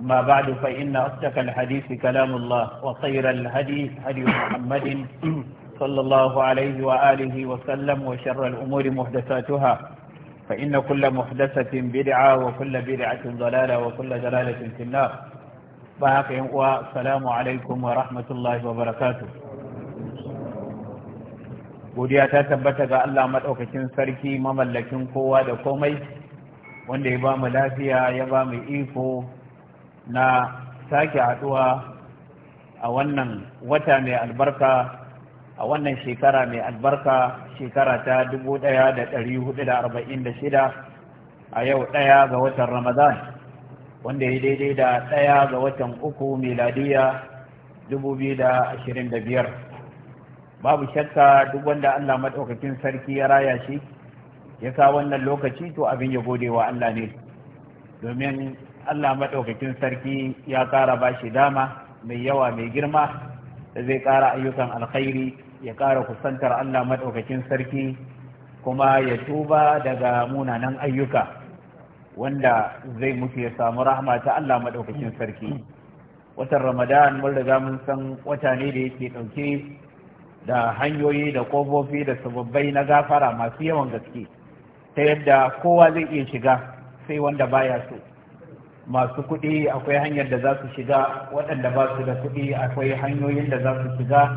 أما بعد فإن أصدق الحديث كلام الله وخير الهدي هدي محمد صلى الله عليه وآله وسلم وشر الأمور محدثاتها فإن كل محدثة بدعة وكل بدعة ضلالة وكل ضلالة في النار باقي والسلام عليكم ورحمة الله وبركاته godiya ta tabbata ga Allah maɗaukakin sarki mamallakin kowa da komai wanda ya ba mu lafiya ya ba mu iko na sake haɗuwa a wannan wata mai albarka a wannan shekara mai albarka shekara ta shida a yau ɗaya ga watan ramadan wanda ya daidai da ɗaya ga watan uku miladiya biyar. babu shakka duk wanda allah maɗaukakin sarki ya raya shi ya sa wannan lokaci to abin ya gode wa allah ne domin Allah maɗaukakin sarki ya ƙara ba shi dama mai yawa mai girma da zai ƙara ayyukan alkhairi ya ƙara kusantar Allah maɗaukakin sarki kuma ya tuba daga munanan ayyuka wanda zai mutu ya samu rahama ta Allah maɗaukakin sarki watan ramadan mun riga mun san wata ne da yake ɗauke da hanyoyi da ƙofofi da sababbai na gafara masu yawan gaske ta yadda kowa zai iya shiga sai wanda baya so masu kuɗi akwai hanyar da za su shiga waɗanda ba su da kuɗi akwai hanyoyin da za su shiga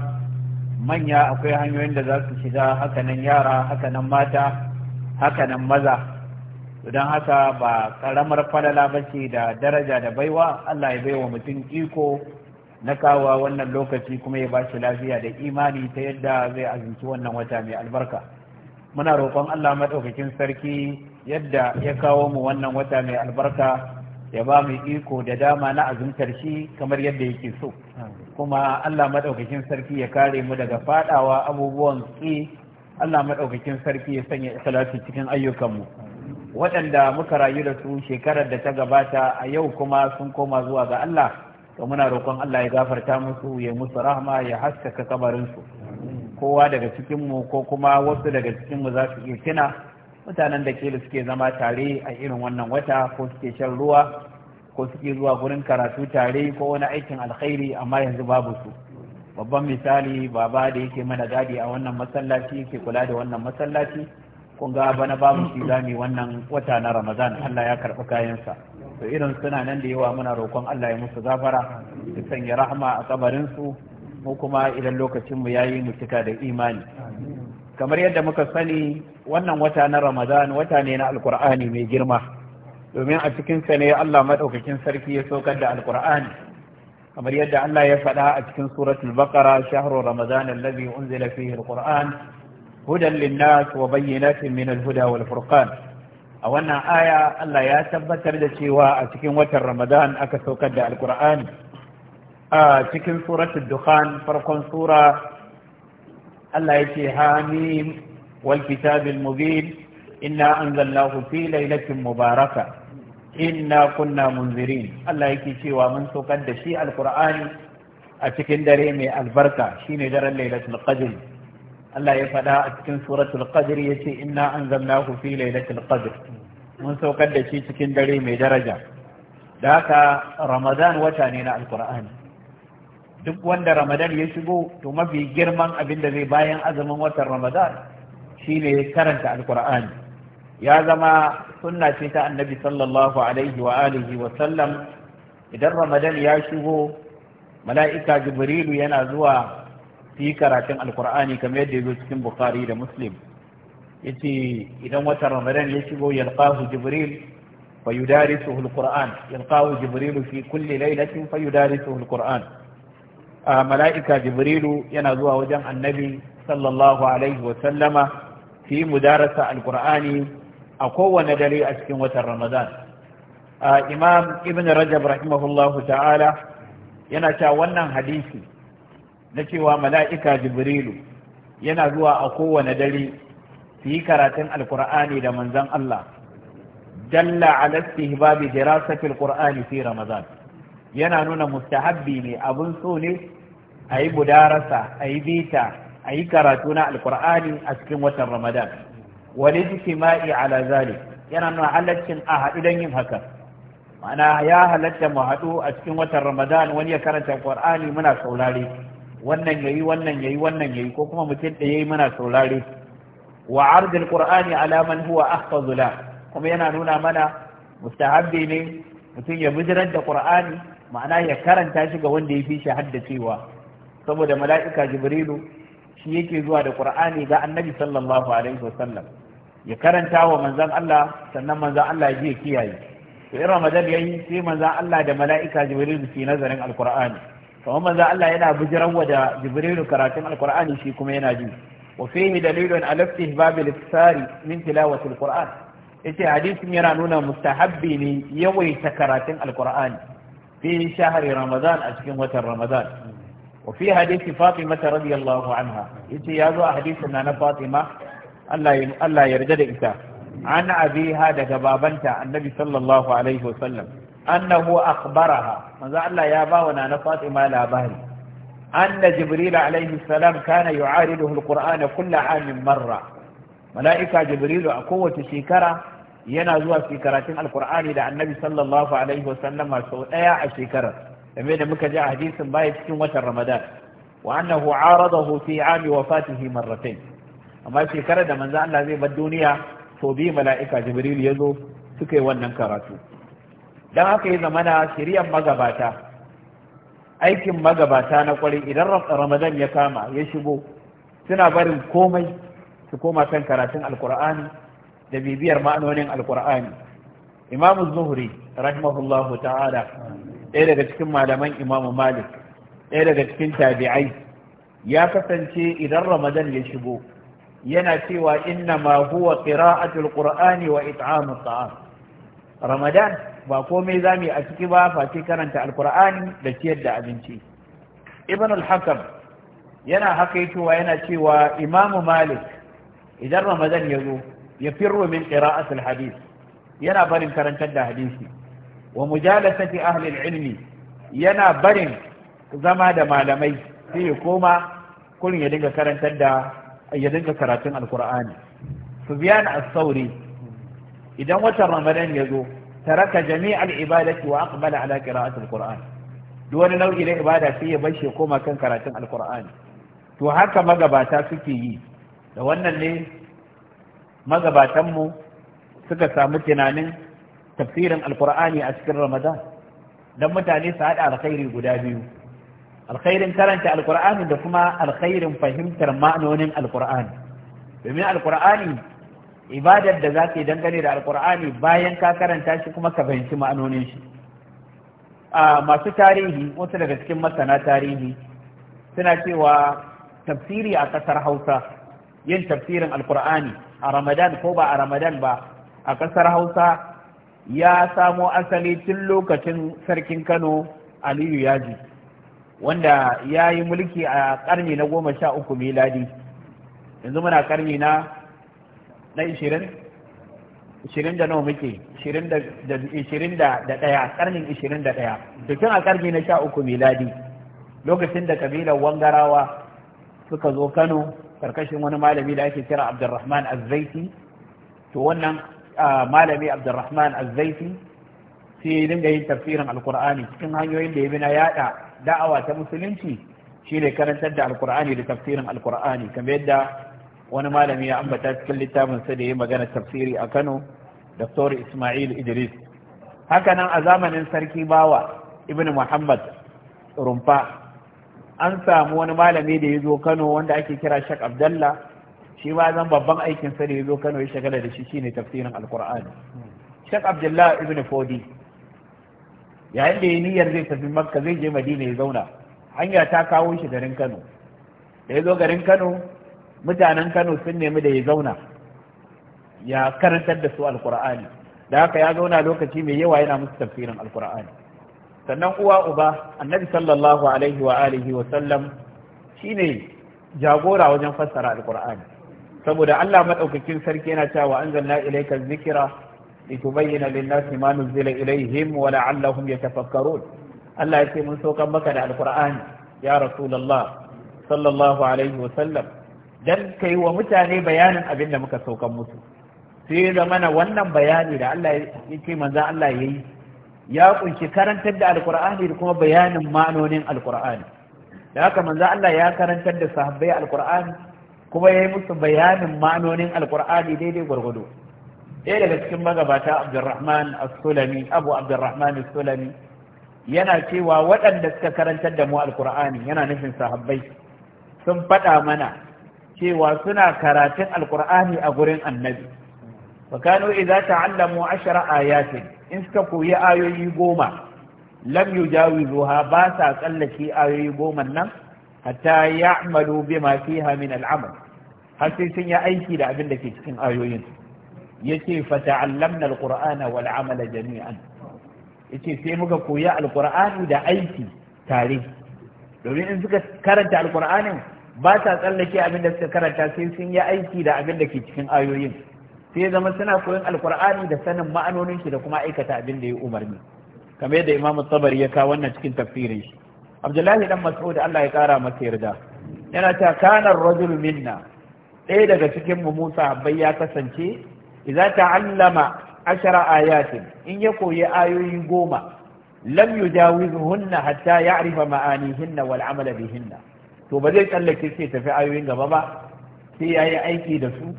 manya akwai hanyoyin da za su shiga hakanan yara hakanan mata hakanan maza don haka ba ƙaramar falala ba ce da daraja da baiwa allah ya baiwa mutum iko na kawa wannan lokaci kuma ya ba shi lafiya da imani ta yadda zai azinci wannan wata mai albarka muna roƙon allah maɗaukakin sarki yadda ya kawo mu wannan wata mai albarka ya ba mu iko da dama na azumtar shi kamar yadda yake so kuma Allah madaukakin sarki ya kare mu daga fadawa abubuwan ki Allah madaukakin sarki ya sanya salati cikin ayyukanmu waɗanda muka rayu da su shekarar da ta gabata a yau kuma sun koma zuwa ga Allah to muna roƙon Allah ya gafarta musu ya musu rahma ya haskaka su kowa daga cikinmu ko kuma wasu daga cikinmu za su iya kina mutanen da kila suke zama tare a irin wannan wata ko suke shan ruwa ko suke zuwa gurin karatu tare ko wani aikin alkhairi amma yanzu babu su babban misali baba da yake mana gadi a wannan masallaci ke kula da wannan masallaci kun ga bana babu shi zami wannan wata na ramadan allah ya karɓi kayansa to irin suna nan da yawa muna roƙon allah ya musu gafara su sanya rahama a kabarinsu mu kuma idan lokacinmu ya yi mu cika da imani kamar yadda muka sani wannan wata na ramadan wata ne na alkur'ani mai girma domin a cikinsa ne allah maɗaukakin sarki ya saukar da alkur'ani kamar yadda allah ya faɗa a cikin suratul baqara shahru ramadan allazi unzila fihi alqur'an hudan linnas wa bayyinatin min alhuda wal furqan a wannan aya allah ya tabbatar da cewa a cikin watan ramadan aka saukar da alkur'ani a cikin suratul dukhan farkon sura Allah yake hamim wal kitabil mubin inna anzalnahu fi lailatin mubaraka inna kunna munzirin Allah yake cewa mun saukar da shi alqur'ani a cikin dare mai albarka shine daren lailatul qadr Allah ya faɗa a cikin suratul qadr yace inna anzalnahu fi lailatul qadr mun saukar da shi cikin dare mai daraja da haka ramadan wata ne na alqur'ani duk wanda ramadan ya shigo to mafi girman abin da zai bayan azumin watan ramadan shine karanta alkur'ani ya zama sunna ce ta annabi sallallahu alaihi wa alihi wa sallam idan ramadan ya shigo mala'ika jibrilu yana zuwa fi karatun alkur'ani kamar yadda ya zo cikin bukhari da muslim yace idan watan ramadan ya shigo yalqahu jibril fa yudarisuhu alquran yalqahu jibril fi kulli laylatin fa yudarisuhu alquran A mala'ika jibrilu yana zuwa wajen annabi sallallahu alaihi wa sallama fi mudarasa alqur'ani a kowane dare a cikin watan A imam ibn rajab rahimahullahu ta'ala yana cewa wannan hadisi na cewa mala'ika jibrilu yana zuwa a kowane dare su yi karatun alkur'ani da manzan Allah dalla ala istihbabi dirasatil qur'ani fi ramadan yana nuna mustahabbi ne abin so ne a yi mudarasa a yi bita a yi karatu na alkur'ani a cikin watan ramadan wani jikima'i ala yana nuna halaccin a haɗu don yin haka ya halatta mu haɗu a cikin watan ramadan wani ya karanta qur'ani muna saurare wannan yayi wannan yayi wannan yayi ko kuma mutum da yayi muna saurare wa ardil qur'ani ala man huwa ahfazu la kuma yana nuna mana mustahabbi ne mutum ya bijirar da qur'ani ma'ana ya karanta shi ga wanda ya fi shi haddacewa saboda mala'ika jibrilu shi yake zuwa da qur'ani ga annabi sallallahu alaihi wasallam ya karanta wa manzon Allah sannan manzon Allah ya kiyaye to in ramadan yayi sai manzon Allah da mala'ika jibrilu ke nazarin alqur'ani kamar manzon Allah yana bujiran wa da jibrilu karatun alqur'ani shi kuma yana ji wa fihi dalilun ala istihbab al-iksari min tilawati alqur'an yace hadisin yana nuna mustahabbi ne yawaita karatun alqur'ani fi shahri ramadan a cikin watan ramadan وفي حديث فاطمة رضي الله عنها يتي يازو حديث أن فاطمة الله يرجد إتا عن أبيها دك بابنتا النبي صلى الله عليه وسلم أنه أخبرها ماذا الله يابا ونانا فاطمة لا بهل أن جبريل عليه السلام كان يعارضه القرآن كل عام مرة ملائكة جبريل قوة شيكرة yana zuwa shekaratin alkur'ani da annabi sallallahu alaihi wasallam sau ɗaya a shekarar game da muka ji a hadisin baya cikin watan ramadan wa annahu aradahu fi ami wafatihi marratayn amma shekarar da manzo Allah zai bar duniya to bi mala'ika jibril yazo suka yi wannan karatu dan haka ya zamana shiryan magabata aikin magabata na kwarai idan ramadan ya kama ya shigo suna barin komai su koma kan karatun alkur'ani da bibiyar ma'anonin alkur'ani imamu zuhri rahimahullahu ta'ala ɗaya daga cikin malaman imamu malik ɗaya daga cikin tabi'ai ya kasance idan ramadan ya shigo yana cewa inna ma huwa qira'atul qur'ani wa it'amu ta'am ramadan ba komai zamu a ciki ba face karanta alqur'ani da ciyar da abinci ibn al-hakam yana hakaitowa yana cewa imamu malik idan ramadan ya zo ya firru min qira'atul hadith yana barin karantar da hadisi wa mujalasati ahli ilmi yana barin zama da malamai sai ya koma kurin ya dinga karantar da ya dinga karatun alqur'ani sufyan as-sauri idan watan ramadan ya zo taraka jami'al ibadati wa aqbala ala qira'ati alqur'ani duk wani nau'i na ibada sai ya bashi ya koma kan karatun alkur'ani to haka magabata suke yi da wannan ne magabatan mu suka samu tunanin tafsirin alkur'ani a cikin ramadan don mutane su haɗa alkhairi guda biyu alkhairin karanta alkur'ani da kuma alkhairin fahimtar ma'anonin alkur'ani domin alkur'ani ibadar da za ka yi dangane da alkur'ani bayan ka karanta shi kuma ka fahimci ma'anonin shi a masu tarihi wasu daga cikin masana tarihi suna cewa tafsiri a ƙasar hausa yin tafsirin alkur'ani a ramadan ko ba a ramadan ba a ƙasar hausa ya samo asali tun lokacin sarkin kano aliyu yaji wanda ya yi mulki a karni na goma sha uku miladi yanzu muna karni na na ishirin ishirin da nawa muke ishirin da daya, karnin ishirin da daya, dukkan a karni na sha uku miladi lokacin da kabilar wangarawa suka zo kano karkashin wani malami da ake kira abdulrahman azzaiti to wannan malami abdurrahman azzaiti sai ya dinga yin tafsirin alkur'ani cikin hanyoyin da ya bi na yada da'awa ta musulunci shine karantar da alkur'ani da tafsirin alkur'ani kamar yadda wani malami ya ambata cikin littafin sa da ya magana tafsiri a Kano Dr. Ismail Idris hakanan a zamanin sarki bawa Ibn Muhammad Rumfa an samu wani malami da ya zo Kano wanda ake kira shak Abdallah shi ma zan babban aikin sa da ya zo Kano ya shagala da shi shine tafsirin Alqur'ani Sheikh Abdullah ibn Fodi yayin da ya niyyar zai tafi Makka zai je Madina ya zauna hanya ta kawo shi garin Kano da ya zo garin Kano mutanen Kano sun nemi da ya zauna ya karantar da su Alqur'ani da haka ya zauna lokaci mai yawa yana musu tafsirin Alqur'ani sannan uwa uba annabi sallallahu alaihi wa alihi wa sallam shine jagora wajen fassara alqur'ani saboda Allah maɗaukakin sarki yana cewa anzalna ilaika zikira litubayyana lin-nasi ma nuzila ilayhim wa la'allahum yatafakkarun Allah ya ce mun saukan maka da alqur'ani ya rasulullah sallallahu alaihi wa sallam dan kai wa mutane bayanin abin da muka saukan musu sai ya mana wannan bayani da Allah ya ce manzo Allah yayi ya kunshi karantar da alqur'ani da kuma bayanin ma'anonin alqur'ani da haka manzo Allah ya karantar da sahabbai alqur'ani kuma ya yi musu bayanin ma'anonin alkur'ani daidai gwargwado ɗaya daga cikin magabata abdurrahman as-sulami abu abdurrahman as-sulami yana cewa waɗanda suka karantar da mu alkur'ani yana nufin sahabbai sun faɗa mana cewa suna karatun alkur'ani a gurin annabi wa kanu idza ta'allamu ashara ayatin in suka koyi ayoyi goma lam yujawizuha ba sa tsallake ayoyi goma nan hatta ya'malu bima fiha min al'amal har sai sun yi aiki da abin da ke cikin ayoyin yace fata'allamna alqur'ana wal amala jami'an yace sai muka koyi alqur'ani da aiki tare domin in suka karanta alqur'anin ba ta tsallake abin da suka karanta sai sun yi aiki da abin da ke cikin ayoyin sai zama suna koyon alqur'ani da sanin ma'anonin shi da kuma aikata abin da ya umarni kamar yadda imamu tabari ya kawo wannan cikin tafsirin shi abdullahi dan mas'ud Allah ya kara masa yarda yana ta kana rajul minna ɗaya daga cikin mu Musa bai ya kasance idza ta'allama ashara ayatin in ya koyi ayoyi goma lam yujawizuhunna hatta ya'rifa ma'anihinna wal amala bihinna to ba zai tsallake sai tafi ayoyin gaba ba sai yayi aiki da su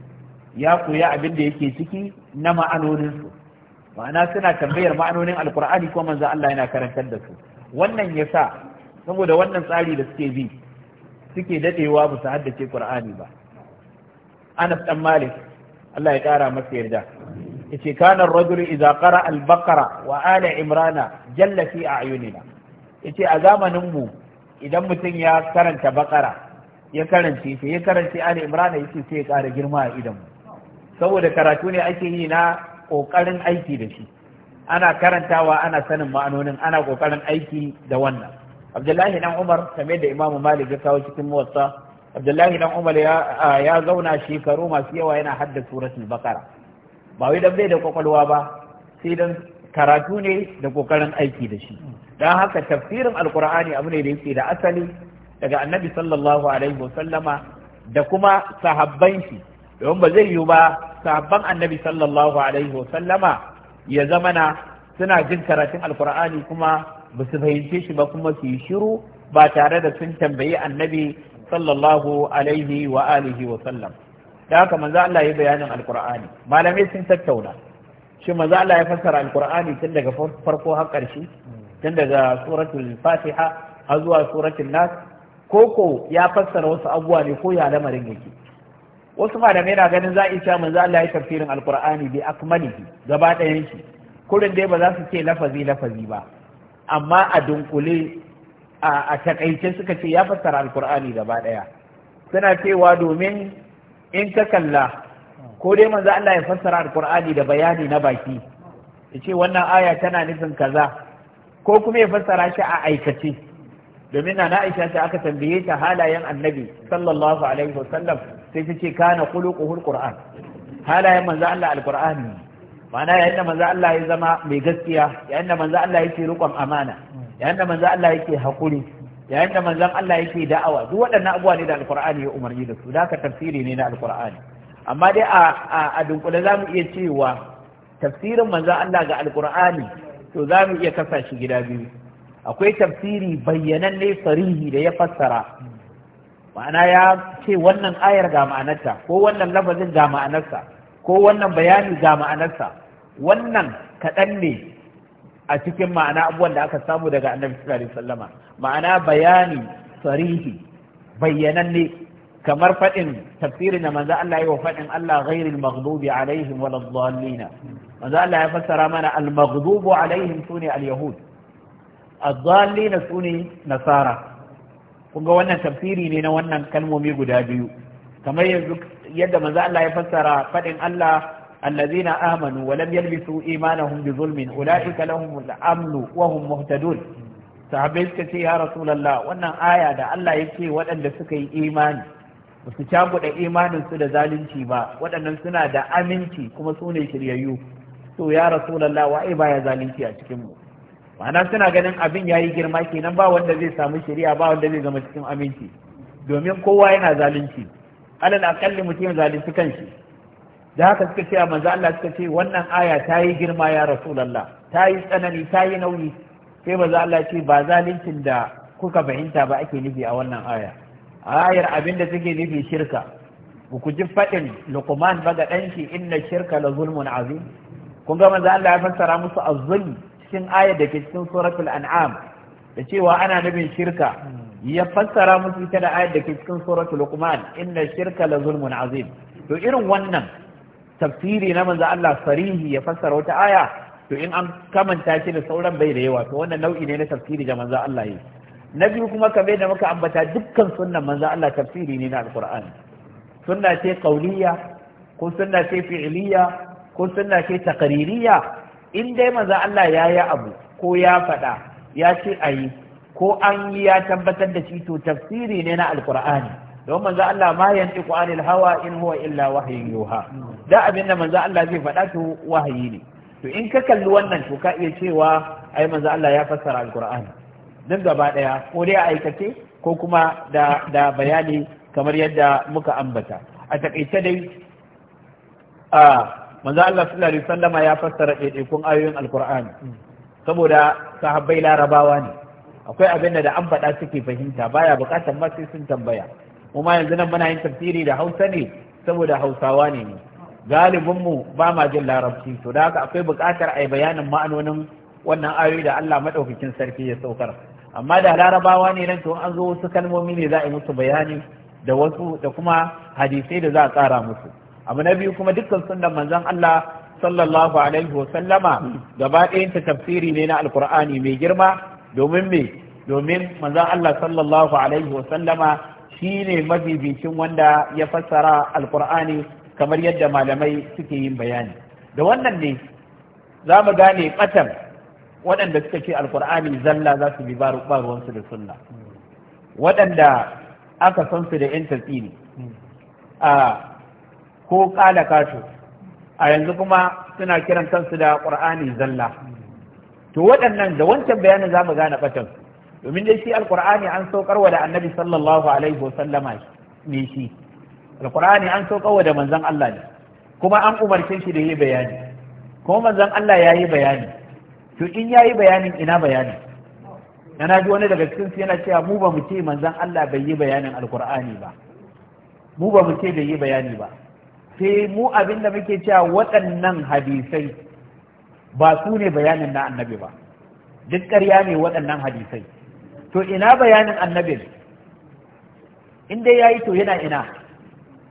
ya koyi abin da yake ciki na ma'anonin su ma'ana suna tambayar ma'anonin alqur'ani ko manzo Allah yana karantar da su wannan yasa saboda wannan tsari da suke bi suke dadewa ba haddace qur'ani ba Anas ɗan Malik Allah ya kara masa yarda yace kana ar-rajulu idza qara al-baqara wa ala imrana jalla fi a'yunina yace a zamanin mu idan mutum ya karanta baqara ya karanta sai ya karanta Ali imrana yace sai ya kara girma a idan mu saboda karatu ne ake yi na ƙoƙarin aiki da shi ana karantawa ana sanin ma'anonin ana kokarin aiki da wannan abdullahi dan umar kamar da imamu malik ya kawo cikin muwatta abdullahi dan umar ya zauna shekaru masu yawa yana hadda suratul bakara ba wai dan bai da kwakwalwa ba sai dan karatu ne da kokarin aiki da shi dan haka tafsirin alqur'ani abu ne da yake da asali daga annabi sallallahu alaihi wasallama da kuma sahabban shi don ba zai yiwu ba sahabban annabi sallallahu alaihi wasallama ya zamana suna jin karatun alkur'ani kuma ba su fahimce shi ba kuma su yi shiru ba tare da sun tambayi annabi sallallahu alaihi wa alihi wa sallam da haka manzo Allah ya bayanin alqur'ani malamai sun tattauna shi manzo Allah ya fassara alqur'ani tun daga farko har ƙarshe tun daga suratul fatiha har zuwa suratul nas koko ya fassara wasu abubuwa ne ko ya lamarin yake wasu malamai na ganin za a iya manzo Allah ya tafsirin alqur'ani bi akmalihi gaba ɗayan shi kurin dai ba za su ce lafazi lafazi ba amma a dunkule a takaice suka ce ya fassara alkur'ani gaba ɗaya suna cewa domin in ka kalla ko dai manzo Allah ya fassara alkur'ani da bayani na baki ya ce wannan aya tana nufin kaza ko kuma ya fassara shi a aikace domin na na aisha ta aka tambaye ta halayen annabi sallallahu alaihi wasallam sai ta ce kana khuluquhul qur'an halayen manzo Allah alkur'ani ma'ana yayin da manzo Allah ya zama mai gaskiya yayin da manzo Allah yake riƙon amana yayin da manzon Allah yake hakuri yayin da manzon Allah yake da'awa duk waɗannan abubuwa ne da Alƙur'ani ya umarni da su haka tafsiri ne na Alƙur'ani? amma dai a a dunkule zamu iya cewa tafsirin manzon Allah ga Alƙur'ani to zamu iya kasa shi gida biyu akwai tafsiri bayyananne sarihi da ya fassara ma'ana ya ce wannan ayar ga ma'anarta ko wannan lafazin ga ma'anarsa ko wannan bayani ga ma'anarsa wannan kaɗan ne a cikin ma'ana abubuwan da aka samu daga annabi sallallahu alaihi wasallama ma'ana bayani sarihi bayyananne kamar faɗin tafsirin da manzo Allah ya yi wa faɗin Allah ghairil maghdubi alaihim wal dhallina manzo Allah ya fassara mana al maghdubu alaihim sune al yahud al dhallina sune nasara kun ga wannan tafsiri ne na wannan kalmomi guda biyu kamar yanzu yadda manzo Allah ya fassara faɗin Allah الذين آمنوا ولم يلبسوا إيمانهم بظلم أولئك لهم الأمن وهم مهتدون sahabbai suka ce ya rasulallah wannan aya da Allah ya ce waɗanda suka yi imani ba su cakuɗa imaninsu da zalunci ba waɗannan suna da aminci kuma su ne shiryayyu to ya rasulallah wa'ai baya zalunci a cikinmu ma'ana suna ganin abin ya yi girma kenan ba wanda zai samu shari'a ba wanda zai zama cikin aminci domin kowa yana zalunci alal akalli mutum zalunci kanshi da haka suka ce a manzo Allah suka ce wannan aya ta yi girma ya rasulullah ta yi tsanani ta yi nauyi sai manzo Allah ce ba zalincin da kuka fahimta ba ake nufi a wannan aya ayar abin da take nufi shirka ku ji faɗin luqman ba ga ɗan shi inna shirka la zulmun azim kun ga manzo Allah ya fassara musu azzul cikin ayar da ke cikin suratul an'am da cewa ana nufin shirka ya fassara musu ita da ayar da ke cikin suratul luqman inna shirka la zulmun azim to irin wannan tafsiri na manzo Allah sarihi ya fassara wata aya to in an kamanta shi da sauran bai da yawa to wannan nau'i ne na tafsiri da manzo Allah yi na biyu kuma kamar da muka ambata dukkan sunnan manzo Allah tafsiri ne na alqur'ani sunna ce qauliyya ko sunna ce fi'liyya ko sunna ce taqririyya in dai manzo Allah ya yi abu ko ya faɗa ya ce ayi ko an yi ya tabbatar da shi to tafsiri ne na alqur'ani don manzo Allah ma yantiqu anil hawa in huwa illa wahyin yuha da abin da manzo Allah zai faɗa to wahayi ne to in ka kalli wannan to ka iya cewa ai manzo Allah ya fassara alqur'ani nan gaba daya ko dai a aikace ko kuma da da bayani kamar yadda muka ambata a takaice dai a manzo Allah sallallahu alaihi wasallam ya fassara daidaikun ayoyin alqur'ani saboda sahabbai larabawa ne akwai abin da an faɗa suke fahimta baya bukatar ma sai sun tambaya kuma yanzu nan muna yin tafsiri da Hausa ne saboda Hausawa ne ne galibinmu ba ma jin larabci to da haka akwai buƙatar a bayanin ma'anonin wannan ayoyi da Allah maɗaukakin sarki ya saukar amma da larabawa ne nan to an zo wasu kalmomi ne za a yi musu bayani da wasu da kuma hadisai da za a kara musu abu na biyu kuma dukkan sunan manzon Allah sallallahu alaihi wa sallama gaba ɗayan tafsiri ne na alkur'ani mai girma domin me domin manzon Allah sallallahu alaihi wa sallama shine mabibicin wanda ya fassara alkur'ani kamar yadda malamai suke yin bayani da wannan ne za mu gane ɓatan waɗanda suka ce alkur'ani zalla za su bi baruwansu da sunna waɗanda aka san su da 'yan tatsini a ko ƙala kato a yanzu kuma suna kiran kansu da ƙur'ani zalla to waɗannan da wancan bayanin za mu gane ɓatan domin dai shi alkur'ani an saukar wa da annabi sallallahu alaihi wasallama ne shi alqur'ani an saukawa da manzon Allah ne kuma an umarce shi da yi bayani kuma manzon Allah ya yi bayani to in ya yi bayanin ina bayani na ji wani daga cikin su yana cewa mu ba mu ce manzon Allah bai yi bayanin alqur'ani ba mu ba mu ce bai yi bayani ba sai mu abin da muke cewa waɗannan hadisai ba su ne bayanin na annabi ba duk ƙarya ne waɗannan hadisai to ina bayanin annabin in dai yayi to yana ina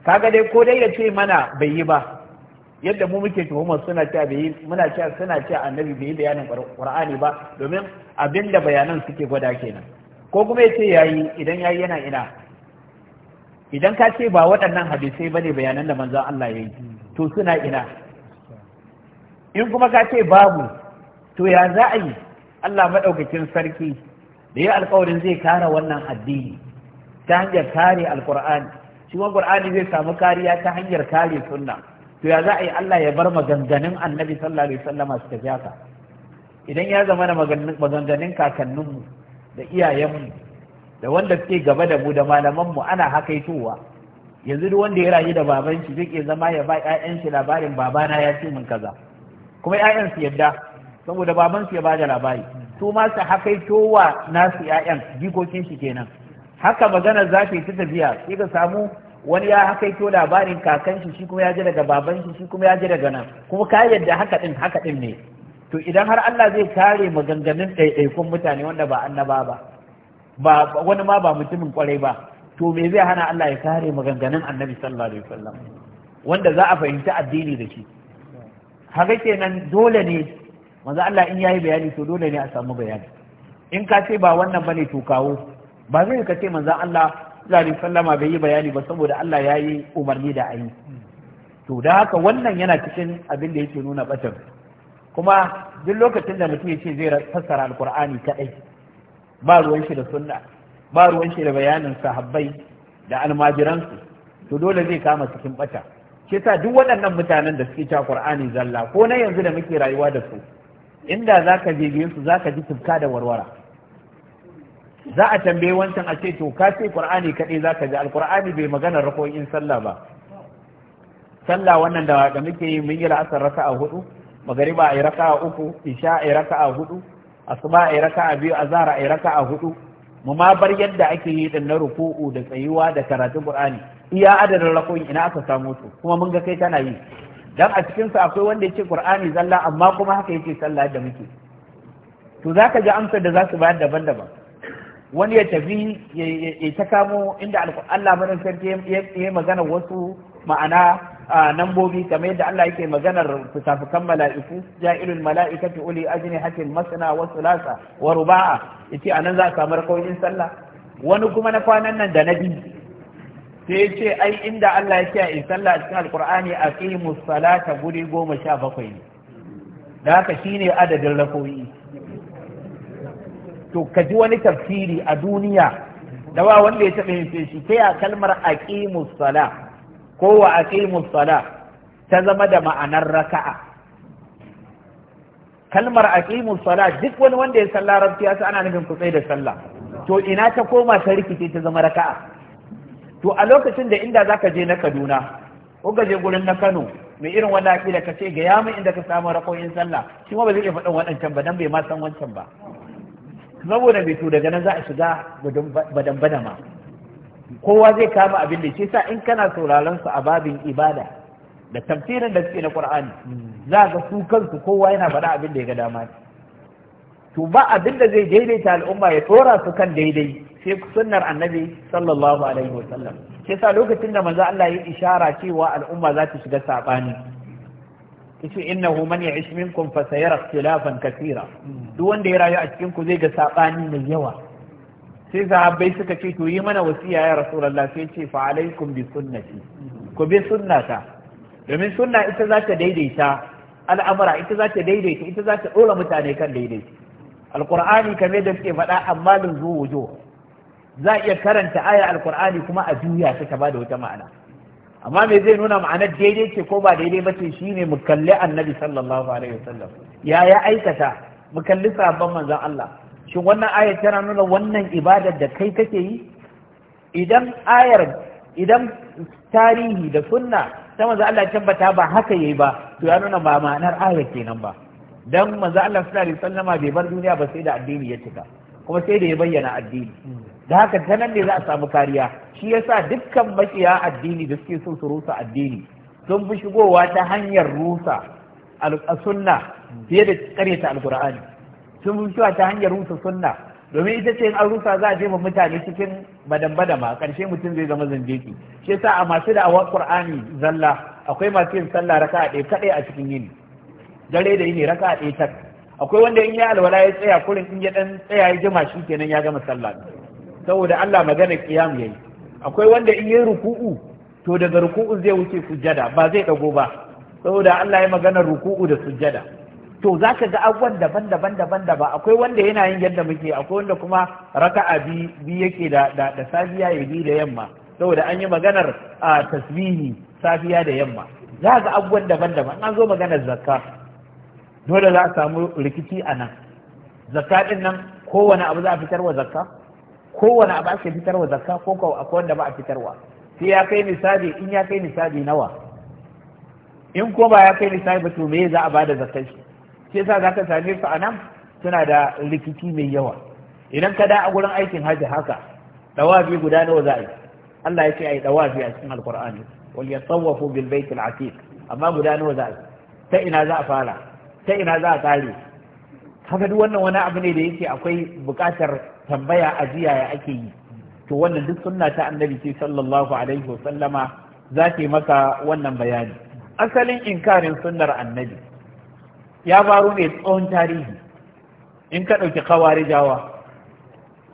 kaga dai ko dai ya ce mana bai yi ba yadda mu muke tuhumar suna cewa bai yi muna cewa suna cewa annabi bai yi bayanin qur'ani ba domin abinda bayanan suke gwada kenan ko kuma ya ce yayi idan yayi yana ina idan ka ce ba waɗannan hadisai bane bayanan da manzon Allah yayi to suna ina in kuma ka ce babu to ya za a yi Allah madaukakin sarki da ya alƙawarin zai kara wannan addini ta hanyar kare alƙur'ani shi ma qur'ani zai samu kariya ta hanyar kare sunna to ya za a yi Allah ya bar maganganun annabi sallallahu alaihi wasallama su tafi haka idan ya zama na maganganun kakanninmu da iyayenmu da wanda suke gaba da mu da malamanmu ana hakaitowa yanzu duk wanda ya rayu da baban shi zai zama ya ba ƴaƴan shi labarin babana ya ce min kaza kuma ƴaƴan su yadda saboda baban su ya da labari su ma su hakaitowa nasu ƴaƴan jikokin shi kenan haka magana za ta yi ta tafiya sai ka samu wani ya haka yake labarin kakan shi shi kuma ya ji daga baban shi shi kuma ya ji daga nan kuma ka yadda haka din haka din ne to idan har Allah zai kare maganganun ɗaiɗaikun mutane wanda ba annaba ba ba wani ma ba mutumin kwarai ba to me zai hana Allah ya kare maganganun annabi sallallahu alaihi wasallam wanda za a fahimci addini da shi haka kenan dole ne manzo Allah in yayi bayani to dole ne a samu bayani in ka ce ba wannan bane to kawo ba zai ka ce manzan Allah sallallahu sallama bai yi bayani ba saboda Allah ya yi umarni da ayi to da haka wannan yana cikin abin da yake nuna batar kuma duk lokacin da mutum ya ce zai fassara alkur'ani kadai ba ruwan shi da sunna ba ruwan shi da bayanin sahabbai da almajiransu to dole zai kama cikin bata shi sa duk waɗannan mutanen da suke cewa qur'ani zalla ko na yanzu da muke rayuwa da su inda zaka je su zaka ji tufka da warwara za a tambaye wancan a ce to ka ce qur'ani kaɗai za ka ji alqur'ani bai magana rako'in sallah ba sallah wannan da da muke yi mun yi la'asar raka'a hudu magariba ay raka'a uku isha ay raka'a hudu asuba ay raka'a biyu azhar ay raka'a hudu mu ma bar yadda ake yi din na ruku'u da tsayuwa da karatu qur'ani iya adadin rako'in ina aka samu su kuma mun ga kai tana yi dan a cikin su akwai wanda yake qur'ani zalla amma kuma haka yake sallah da muke to zaka ji amsar da za su bayar daban-daban wani ya tafi ya ta kamo inda Allah mana ya magana wasu ma'ana nambobi kamar yadda Allah yake maganar fusafukan mala'iku ja'ilul mala'ikatu uli ajnihatin masna wa thulatha wa ruba'a yace anan za a samu rakoyin sallah wani kuma na kwanan nan da nabi sai ce ai inda Allah ya ce in sallah a cikin alqur'ani aqimus salata guri goma sha bakwai ne da haka shine adadin rakoyi to ka ji wani tafsiri a duniya da ba wanda ya taɓa yin shi ta ya kalmar aqimus sala ko wa aqimus sala ta zama da ma'anar raka'a kalmar aqimus sala duk wani wanda ya sallah rabbi ya ana nufin ku da sallah to ina ta koma ta rikice ta zama raka'a to a lokacin da inda zaka je na Kaduna ko ka je gurin na Kano mai irin wannan aqida ka ce ga yamin inda ka samu raƙoyin sallah shi ma ba zai iya faɗin waɗancan ba dan bai ma san wancan ba saboda mai to daga nan za a shiga badan ma kowa zai kama abin da shi sa in kana sauraron su a babin ibada da tafsirin da suke na qur'ani za ga su kansu kowa yana faɗa abin da ya ga dama to ba abin da zai daidaita al'umma ya tsora su kan daidai sai sunnar annabi sallallahu alaihi wasallam sai sa lokacin da manzo Allah ya ishara cewa al'umma za ta shiga saɓani. yace innahu man ya'ish minkum fa sayara ikhtilafan kathira duk wanda ya rayu a cikin ku zai ga sabani mai yawa sai sahabbai suka ce to yi mana wasiya ya rasulullah sai ce fa alaikum bi sunnati ku bi sunnata domin sunna ita za ta daidaita al'amura ita za ta daidaita ita za ta dora mutane kan daidaita alqur'ani kamar da suke faɗa amma lunzu wujo za a iya karanta aya alqur'ani kuma a juya ta ta bada wata ma'ana amma me zai nuna ma'anar daidai ce ko ba daidai ba ce shine mu kalli annabi sallallahu alaihi wasallam ya ya aikata mu kalli sabon manzon Allah shin wannan ayar tana nuna wannan ibadar da kai kake yi idan ayar idan tarihi da sunna ta manzo Allah tabbata ba haka yayi ba to ya nuna ba ma'anar ayar kenan ba dan manzo Allah sallallahu alaihi wasallama bai bar duniya ba sai da addini ya cika kuma sai da ya bayyana addini da haka ta nan ne za a samu kariya shi yasa dukkan makiya addini da suke so su rusa addini sun fi shigowa ta hanyar rusa sunna fiye da karyata alkur'ani sun fi shigowa ta hanyar rusa sunna domin ita ce in an rusa za a je ma mutane cikin badambadama karshe mutum zai zama zanjeki shi yasa a masu da awa qur'ani zalla akwai masu yin sallah raka'a ɗaya kaɗai a cikin yini dare da yini raka'a ɗaya akwai wanda in yi alwala ya tsaya kurin in ya dan tsaya ya jima shi kenan ya gama sallah saboda Allah magana kiyam yayi akwai wanda in yi ruku'u to daga ruku'u zai wuce sujjada ba zai dago ba saboda Allah ya magana ruku'u da sujjada to za ga abubuwan daban-daban daban-daban akwai wanda yana yin yadda muke akwai wanda kuma raka'a bi yake da da safiya ya bi da yamma saboda an yi maganar a tasbihi safiya da yamma za ga abubuwan daban-daban an zo maganar zakka dole za a samu rikici a nan zakka din nan kowane abu za a fitarwa zakka kowane abu ake fitarwa zakka ko kawo akwai wanda ba a fitarwa sai ya kai misali in ya kai misali nawa in ko ba ya kai misali ba to me za a bada zakka shi sai yasa zaka same su a nan suna da rikici mai yawa idan ka da a gurin aikin hajji haka dawabi guda nawa za a yi Allah ya ce a yi a cikin alqur'ani wal yatawafu bil baitil atiq amma guda nawa za a yi ta ina za a fara ta ina za a kare kaga duk wannan wani abu ne da yake akwai buƙatar tambaya ajiya ya ake yi to wannan duk sunna ta annabi ce sallallahu alaihi wasallama za ta maka wannan bayani asalin inkarin sunnar annabi ya faru ne tsohon tarihi in ka ɗauki jawa,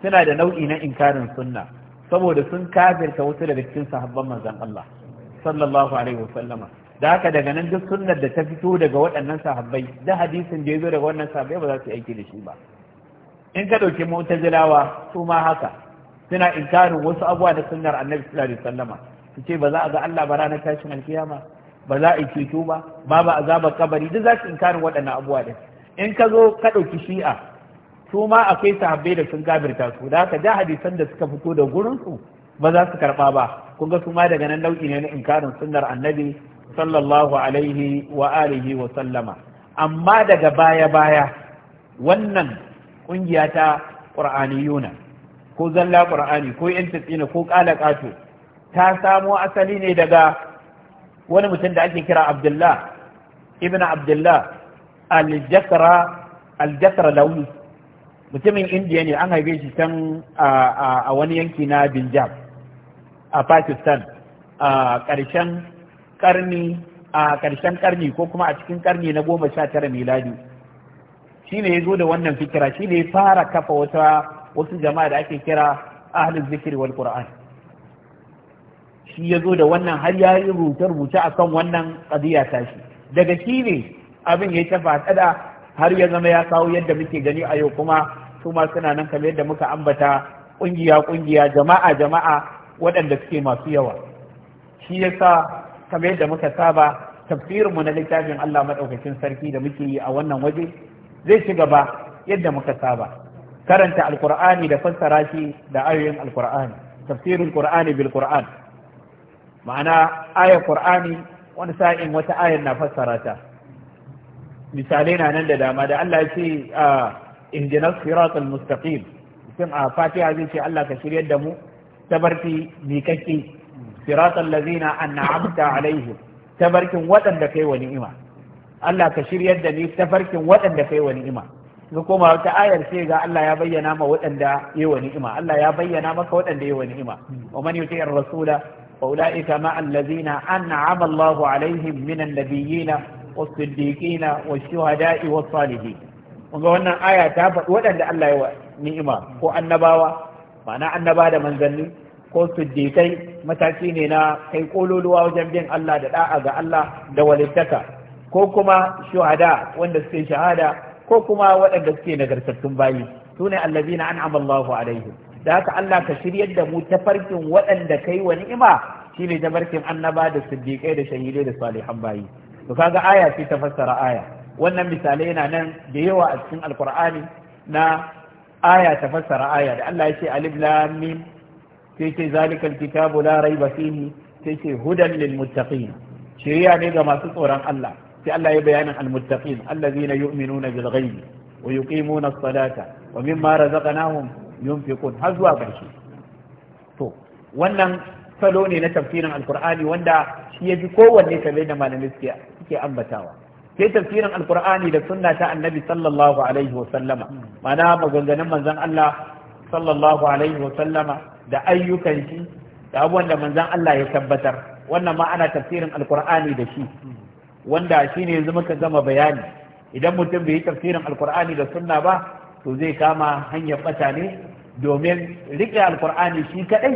suna da nau'i na inkarin sunna saboda sun kafirta wasu daga cikin sahabban manzon Allah sallallahu alaihi wasallama da haka daga nan duk sunnar da ta fito daga waɗannan sahabbai da hadisin da ya zo daga wannan sahabbai ba za su yi aiki da shi ba in ka ɗauki mu'tazilawa su ma haka suna inkarin wasu abubuwa da sunnar annabi sallallahu alaihi wasallama su ce ba za a ga Allah ba ranar tashin alkiyama ba za a yi ceto ba Ba babu azabar kabari duk za su inkarin waɗannan abubuwa din in ka zo ka ɗauki shi'a su ma akwai sahabbai da sun gabirta su da haka da hadisan da suka fito da gurinsu ba za su karɓa ba kun ga su ma daga nan nau'i ne na inkarin sunnar annabi sallallahu alaihi wa alihi wa sallama amma daga baya baya wannan ƙungiya ta qur'aniyuna ko zalla ƙur'ani ko yan ko kala kato ta samo asali ne daga wani mutum da ake kira abdullah ibn abdullah al-jakra launi mutumin indiya ne an haife shi can a wani yanki na Binjab a Pakistan a ƙarshen karni a ƙarshen karni ko kuma a cikin karni na goma sha tara miladi shi ne ya zo da wannan fikira shi ne ya fara kafa wata wasu jama'a da ake kira ahlul zikiri wal qur'an shi ya zo da wannan har ya yi rubuce a kan wannan ƙadiyya ta shi daga shi ne abin ya tafa kada har ya zama ya kawo yadda muke gani a yau kuma su ma suna nan kamar yadda muka ambata ƙungiya ƙungiya jama'a jama'a waɗanda suke masu yawa shi yasa kamar yadda muka saba tafsirinmu na littafin Allah maɗaukakin sarki da muke yi a wannan waje zai ci gaba yadda muka saba karanta alkur'ani da fassara shi da ayoyin alkur'ani tafsirin qur'ani bil qur'an ma'ana ayar qur'ani wani sa'in wata ayar na fassara ta misalai na nan da dama da Allah ya ce ah, ihdinas siratal mustaqim sun a fatiha zai ce Allah ka shiryar da mu tabarti miƙaƙƙi siratal ladzina an'amta alaihim tabarkin waɗanda kai wa ni'ima Allah ka shiryar da ni tafarkin waɗanda kai wa ni'ima ga koma wata ayar sai ga Allah ya bayyana ma waɗanda yi wa ni'ima Allah ya bayyana maka waɗanda yi wa ni'ima wa man yuti'ir rasula fa ulaika ma allazina an'ama Allahu alaihim minan nabiyina was-siddiqina wash-shuhada'i was-salihin ga wannan aya ta faɗi waɗanda Allah ya wa ni'ima ko annabawa ma'ana annaba da manzanni ko siddiƙai mataki ne na kai ƙololuwa wajen bin Allah da ɗa'a ga Allah da walittaka ko kuma shuhada wanda suke shahada ko kuma waɗanda suke nagartattun bayi su ne na an'ama Allahu alaihim da haka Allah ka shiryar da mu tafarkin waɗanda kai wa ni'ima shine tafarkin annaba da siddiƙai da shahidai da salihan bayi to kaga aya ce ta fassara aya wannan misalai yana nan da yawa a cikin alqur'ani na aya ta fassara aya da Allah ya ce alif lam mim sai ce zalikal kitabu la raiba fihi sai ce hudan lil muttaqin shiriya ne ga masu tsoron Allah sai Allah ya bayanin al muttaqin allazina yu'minuna bil ghaibi wa yuqimuna as-salata wa mimma razaqnahum yunfiqun har zuwa ƙarshe to wannan salo ne na tafsirin alqur'ani wanda shi yafi kowanne kalle da malamai suke suke ambatawa sai tafsirin alqur'ani da sunna ta annabi sallallahu alaihi wa sallama ma'ana maganganun manzon Allah sallallahu alaihi wa sallama da ayyukan shi da abubuwan da manzon Allah ya tabbatar wannan ma ana tafsirin alkur'ani da shi wanda shine yanzu muka gama bayani idan mutum bai yi tafsirin alkur'ani da sunna ba to zai kama hanyar bata ne domin rike alkur'ani shi kaɗai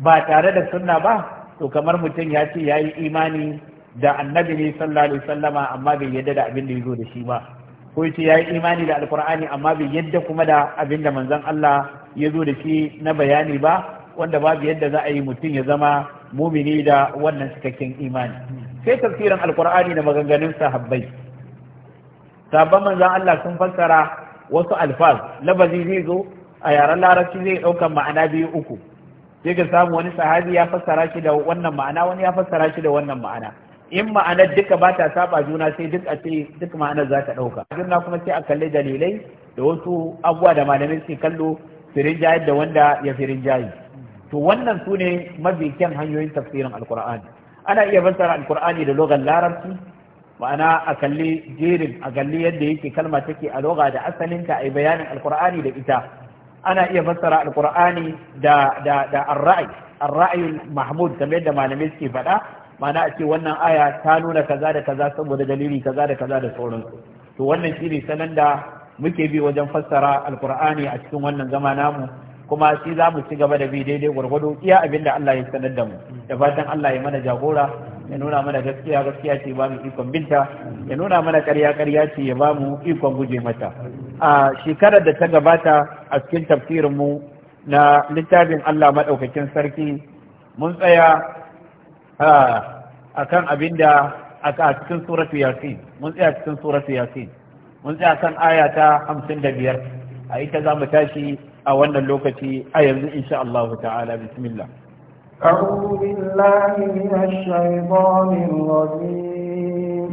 ba tare da sunna ba to kamar mutum ya ce ya yi imani da annabi ne sallallahu alaihi wasallama amma bai yadda da abin da ya zo da shi ba ko ce ya yi imani da alkur'ani amma bai yadda kuma da abin da manzon Allah ya zo da shi na bayani ba wanda babu yadda za a yi mutum ya zama mumini da wannan cikakken imani sai tafsirin alkur'ani da maganganun sahabbai sabon manzan Allah sun fassara wasu alfaz labazi zai zo a yaren larabci zai ɗaukan ma'ana biyu uku sai ka samu wani sahabi ya fassara shi da wannan ma'ana wani ya fassara shi da wannan ma'ana in ma'anar duka ba ta saba juna sai duk a ce duk ma'anar za ta ɗauka juna kuma sai a kalli dalilai da wasu abubuwa da malamai suke kallo firin da wanda ya firin jayi to wannan su ne mafi kyan hanyoyin tafsirin alkur'ani ana iya fassara alkur'ani da logan larabci ma'ana a kalli jerin a kalli yadda yake kalma take a loga da asalinta a bayanin alkur'ani da ita ana iya fassara alkur'ani da da da mahmud kamar yadda malamai suke faɗa ma'ana a ce wannan aya ta nuna kaza da kaza saboda dalili kaza da kaza da sauransu to wannan shine sanan da muke bi wajen fassara alkur'ani a cikin wannan zama namu kuma shi za mu ci gaba da bi daidai gwargwado iya abinda da Allah ya sanar da mu da fatan Allah ya mana jagora ya nuna mana gaskiya gaskiya ce ba mu ikon binta ya nuna mana ƙarya ƙarya ce ya ba mu ikon guje mata a shekarar da ta gabata a cikin tafsirin mu na littafin Allah madaukakin sarki mun tsaya a kan abin a cikin suratu yasin mun tsaya cikin suratu yasin mun tsaya kan aya ta 55 a ita za mu tashi a wannan lokaci a yanzu insha Allah ta'ala bismillah أعوذ بالله من الشيطان الرجيم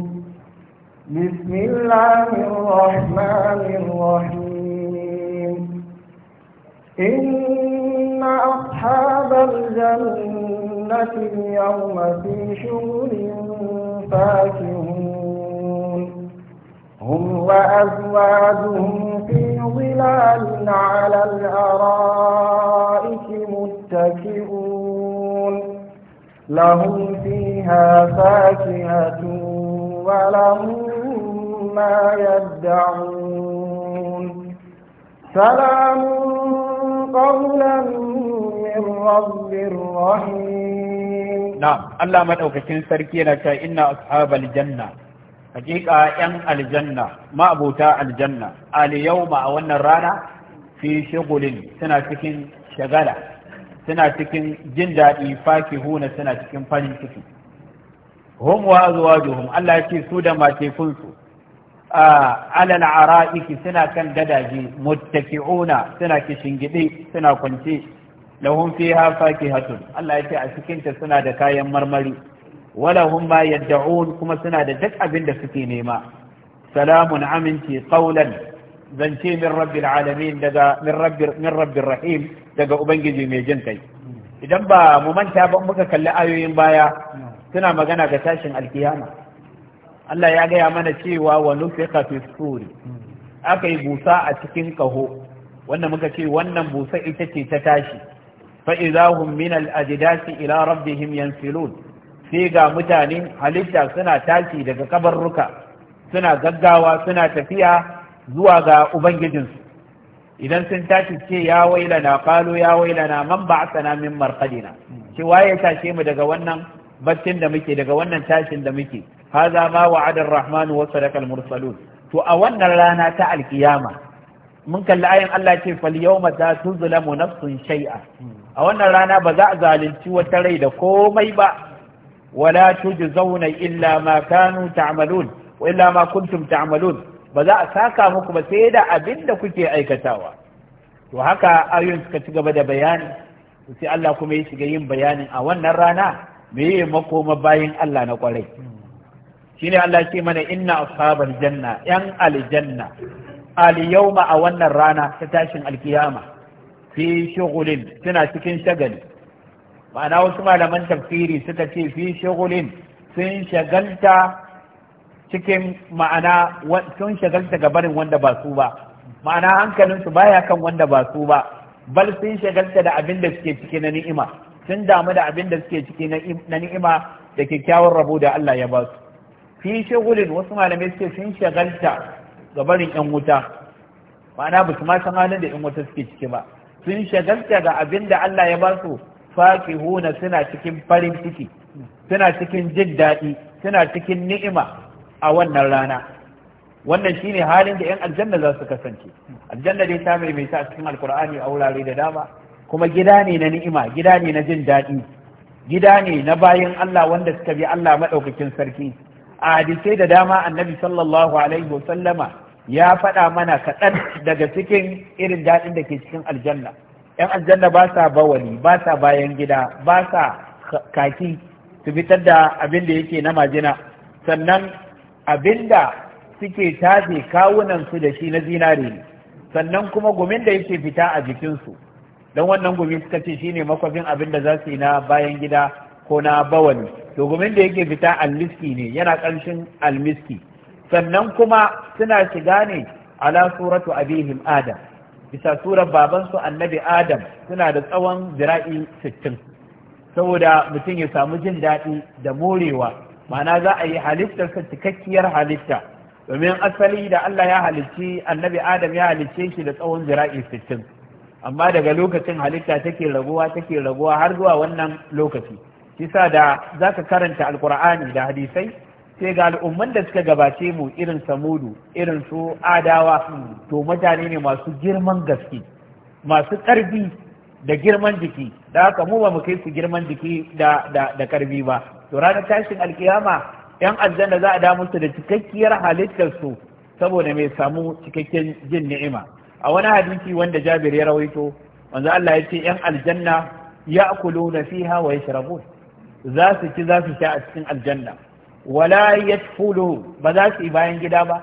بسم الله الرحمن الرحيم إن أصحاب الجنة اليوم في شغل فاكهون هم وأزواجهم في ظلال على الأرائك متكئون لهم فيها فاكهة ولهم ما يدعون سلام قولا من رب رحيم نعم الله ما أوكشين سركينا إن أصحاب الجنة hakika yan aljanna ma'abuta aljanna al-yawma a wannan rana fi shagulin suna cikin shagala suna cikin jin daɗi fakihuna suna cikin farin ciki hum wa azwajuhum Allah ya ce su da matekun su ala al'ara'iki suna kan dadaji. muttaki'una suna kishingide suna kwance lahum fiha fakihatun Allah ya ce a cikin ta suna da kayan marmari wala hun ma yad'un kuma suna da duk abin da suke nema salamun aminci qawlan zance min rabbil alamin daga min rabbir min rabbir rahim daga ubangiji mai jin kai idan ba mu manta ba muka kalli ayoyin baya suna magana ga tashin alkiyama Allah ya gaya mana cewa wa nufiqa fi suri aka yi busa a cikin kaho wanda muka ce wannan busa ita ce ta tashi fa idahum min al ila rabbihim yansilun sai ga mutane halitta suna tashi daga kabarruka suna gaggawa suna tafiya zuwa ga ubangijinsu idan sun tashi ce ya wailana falo ya wailana man ba'athana min marqadina ce waye tashe mu daga wannan baccin da muke daga wannan tashin da muke haza ma wa'ada rahmanu wa da al-mursalun to a wannan rana ta alkiyama mun kalli ayin Allah ce fal yawma la tuzlamu nafsun shay'a a wannan rana ba za a zalunci wata rai da komai ba wala tujzauna illa ma kanu illa ma kuntum ta'malun ba za a saka muku ba sai da abinda da kuke aikatawa to haka ayoyin suka ci gaba da bayani sai Allah kuma ya shiga yin bayanin a wannan rana me ya makoma bayan Allah na kwarai shine Allah ce mana inna ashabal janna yan aljanna al yawma a wannan rana ta tashin alkiyama fi shughulin suna cikin shagali ma'ana wasu malaman tafsiri suka ce fi shagulin sun shagalta cikin ma'ana sun shagalta ga barin wanda ba su ba ma'ana hankalinsu baya kan wanda ba su ba bal sun shagalta da abin da suke ciki na ni'ima sun damu da abin da suke ciki na ni'ima da kyakkyawan rabo da Allah ya ba su fi shagulin wasu malamai suke sun shagalta ga barin yan wuta ma'ana ba su ma san halin da yan wuta suke ciki ba sun shagalta ga abin da Allah ya ba su fakihuna suna cikin farin ciki suna cikin jin daɗi suna cikin ni'ima a wannan rana wannan shine halin da 'yan aljanna za su kasance aljanna dai ta mai a cikin alkur'ani a wurare da dama kuma gida ne na ni'ima gida ne na jin daɗi gida ne na bayan Allah wanda suka bi Allah maɗaukakin sarki a hadisai da dama annabi sallallahu alaihi wasallama ya faɗa mana kaɗan daga cikin irin daɗin da ke cikin aljanna yan aljanna ba sa bawali ba sa bayan gida ba sa kaki su fitar da abin da yake na majina sannan abin da suke tafe kawunansu da shi na zinare sannan kuma gumin da yake fita a jikinsu don wannan gumi suka ce shine makwafin abin da za su yi na bayan gida ko na bawali to gumin da yake fita almiski ne yana ƙarshen almiski sannan kuma suna shiga ne ala suratu abihim adam bisa surar babansu annabi adam suna da tsawon zira'i sittin saboda mutum ya samu jin daɗi da morewa ma'ana za a yi halittarsa cikakkiyar halitta domin asali da Allah ya halicci annabi adam ya halicce shi da tsawon zira'i sittin amma daga lokacin halitta take raguwa take raguwa har zuwa wannan lokaci kisa da zaka karanta alkur'ani da hadisai sai ga al'umman da suka gabace mu irin samudu irin su adawa to mutane ne masu girman gaske masu ƙarfi da girman jiki da haka mu ba mu kai su girman jiki da da da ba to ranar tashin alkiyama yan aljanna za a da musu da cikakkiyar halittar su saboda mai samu cikakken jin ni'ima a wani hadisi wanda Jabir ya rawaito manzo Allah ya ce yan aljanna ya'kuluna fiha wa yashrabun za su ci za su sha a cikin aljanna wala ba za su yi bayan gida ba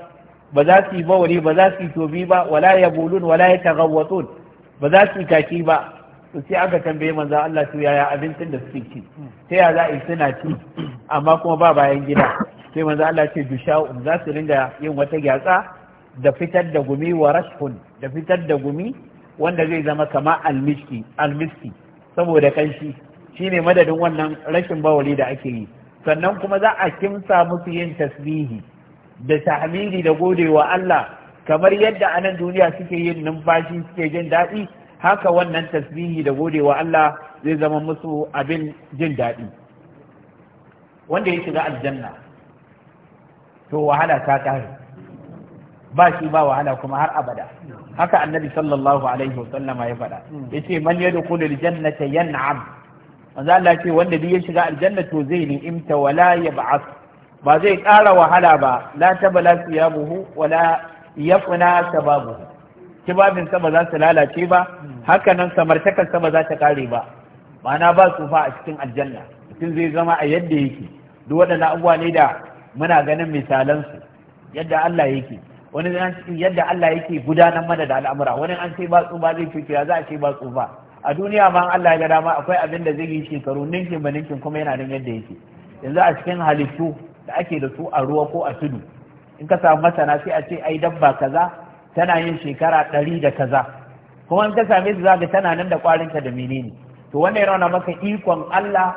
ba za su yi bawari ba za su yi tobi ba wala bulun wala yataghawwatun ba za su yi kaki ba su sai aka tambaye manzo Allah su yaya abincin da suke ci ta ya za a yi suna ci amma kuma ba bayan gida sai manzo Allah ce dusha'un za su ringa yin wata gyatsa da fitar da gumi wa rashfun da fitar da gumi wanda zai zama kama almiski almiski saboda kanshi shine madadin wannan rashin bawali da ake yi sannan kuma za a kimsa musu yin tasbihi da tahmidi da godewa Allah kamar yadda a nan duniya suke yin numfashi suke jin daɗi haka wannan tasbihi da godewa Allah zai zama musu abin jin daɗi wanda ya shiga aljanna to wahala ta ƙare ba shi ba wahala kuma har abada haka annabi sallallahu alaihi wasallama ya faɗa yace man yadkhulul jannata yan'am manzo Allah ce wanda duk ya shiga aljanna to zai ni imta wala yab'as ba zai ƙara wahala ba la tabala siyabuhu wala yafna sababu kibabin sa ba za su lalace ba haka nan samartakar sa ba za ta kare ba ma'ana ba tsufa a cikin aljanna mutum zai zama a yadda yake duk waɗannan abubuwa ne da muna ganin misalan su yadda Allah yake wani an yadda Allah yake gudanar mana da al'amura wani an ce ba tsufa zai ce za a ce ba tsufa a duniya ma Allah ya ga dama akwai abin da zai yi shekaru ninkin ba ninkin kuma yana nan yadda yake yanzu a cikin halittu da ake da su a ruwa ko a tudu in ka samu masana sai a ce ai dabba kaza tana yin shekara ɗari da kaza kuma in ka same su zaka tana nan da kwarinka da menene to wannan ya nuna maka ikon Allah